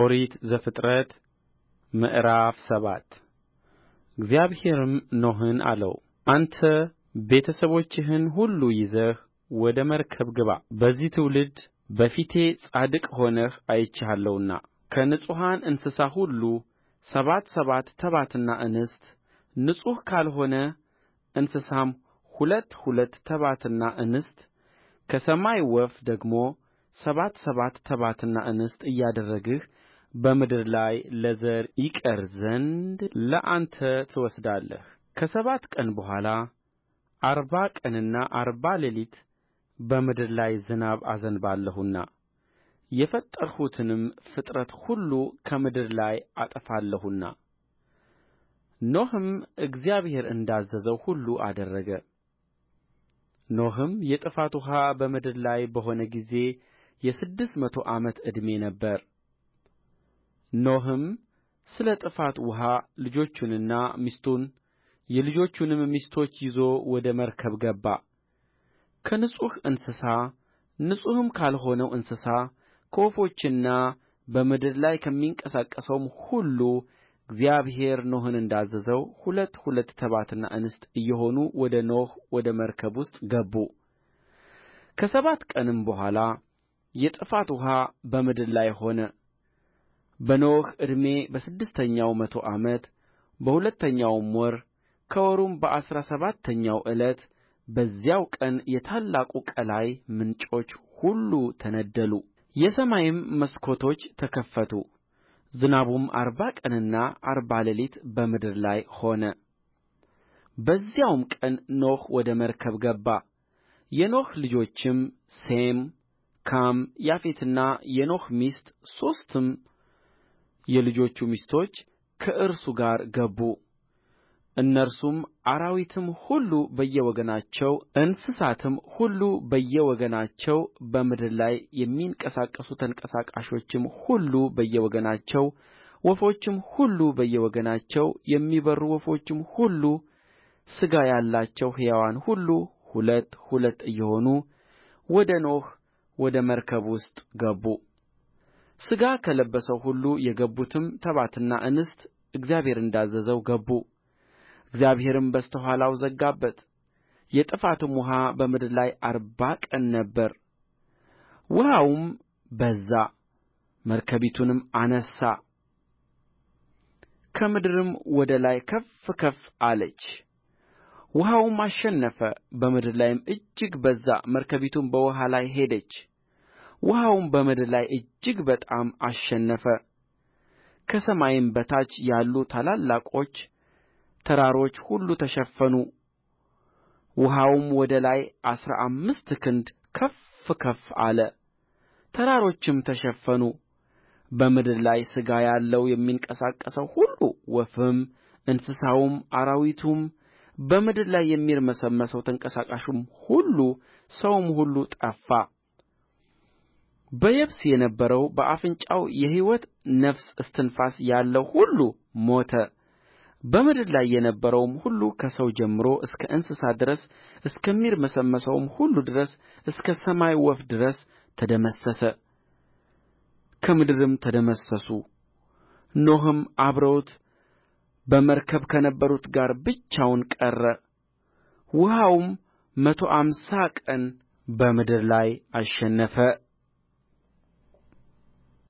ኦሪት ዘፍጥረት ምዕራፍ ሰባት እግዚአብሔርም ኖኅን አለው አንተ ቤተሰቦችህን ሁሉ ይዘህ ወደ መርከብ ግባ በዚህ ትውልድ በፊቴ ጻድቅ ሆነህ አይቼሃለሁና ከንጹሐን እንስሳ ሁሉ ሰባት ሰባት ተባትና እንስት ንጹሕ ካልሆነ እንስሳም ሁለት ሁለት ተባትና እንስት ከሰማይ ወፍ ደግሞ ሰባት ሰባት ተባትና እንስት እያደረግህ በምድር ላይ ለዘር ይቀር ዘንድ ለአንተ ትወስዳለህ ከሰባት ቀን በኋላ አርባ ቀንና አርባ ሌሊት በምድር ላይ ዝናብ አዘንባለሁና የፈጠርሁትንም ፍጥረት ሁሉ ከምድር ላይ አጠፋለሁና ኖኅም እግዚአብሔር እንዳዘዘው ሁሉ አደረገ ኖኅም የጥፋት ውኃ በምድር ላይ በሆነ ጊዜ የስድስት መቶ ዓመት ዕድሜ ነበረ ኖኅም ስለ ጥፋት ውኃ ልጆቹንና ሚስቱን የልጆቹንም ሚስቶች ይዞ ወደ መርከብ ገባ ከንጹሕ እንስሳ ንጹሕም ካልሆነው እንስሳ ከወፎችና በምድር ላይ ከሚንቀሳቀሰውም ሁሉ እግዚአብሔር ኖኅን እንዳዘዘው ሁለት ሁለት ተባትና እንስት እየሆኑ ወደ ኖኅ ወደ መርከብ ውስጥ ገቡ ከሰባት ቀንም በኋላ የጥፋት ውኃ በምድር ላይ ሆነ በኖኅ ዕድሜ በስድስተኛው መቶ ዓመት በሁለተኛው ወር ከወሩም በአሥራ ሰባተኛው ዕለት በዚያው ቀን የታላቁ ቀላይ ምንጮች ሁሉ ተነደሉ የሰማይም መስኮቶች ተከፈቱ ዝናቡም አርባ ቀንና አርባ ሌሊት በምድር ላይ ሆነ በዚያውም ቀን ኖኅ ወደ መርከብ ገባ የኖኅ ልጆችም ሴም ካም ያፌትና የኖኅ ሚስት ሦስቱም የልጆቹ ሚስቶች ከእርሱ ጋር ገቡ እነርሱም አራዊትም ሁሉ በየወገናቸው እንስሳትም ሁሉ በየወገናቸው በምድር ላይ የሚንቀሳቀሱ ተንቀሳቃሾችም ሁሉ በየወገናቸው ወፎችም ሁሉ በየወገናቸው የሚበሩ ወፎችም ሁሉ ሥጋ ያላቸው ሕያዋን ሁሉ ሁለት ሁለት እየሆኑ ወደ ኖኅ ወደ መርከብ ውስጥ ገቡ ሥጋ ከለበሰው ሁሉ የገቡትም ተባትና እንስት እግዚአብሔር እንዳዘዘው ገቡ እግዚአብሔርም በስተ ኋላው ዘጋበት የጥፋትም ውኃ በምድር ላይ አርባ ቀን ነበረ ውኃውም በዛ መርከቢቱንም አነሣ ከምድርም ወደ ላይ ከፍ ከፍ አለች ውኃውም አሸነፈ በምድር ላይም እጅግ በዛ መርከቢቱም በውኃ ላይ ሄደች ውኃውም በምድር ላይ እጅግ በጣም አሸነፈ ከሰማይም በታች ያሉ ታላላቆች ተራሮች ሁሉ ተሸፈኑ ውኃውም ወደ ላይ አሥራ አምስት ክንድ ከፍ ከፍ አለ ተራሮችም ተሸፈኑ በምድር ላይ ሥጋ ያለው የሚንቀሳቀሰው ሁሉ ወፍም እንስሳውም አራዊቱም በምድር ላይ የሚርመሰመሰው ተንቀሳቃሹም ሁሉ ሰውም ሁሉ ጠፋ በየብስ የነበረው በአፍንጫው የሕይወት ነፍስ እስትንፋስ ያለው ሁሉ ሞተ በምድር ላይ የነበረውም ሁሉ ከሰው ጀምሮ እስከ እንስሳ ድረስ እስከሚርመሰመሰውም ሁሉ ድረስ እስከ ሰማይ ወፍ ድረስ ተደመሰሰ ከምድርም ተደመሰሱ ኖኅም አብረውት በመርከብ ከነበሩት ጋር ብቻውን ቀረ ውኃውም መቶ አምሳ ቀን በምድር ላይ አሸነፈ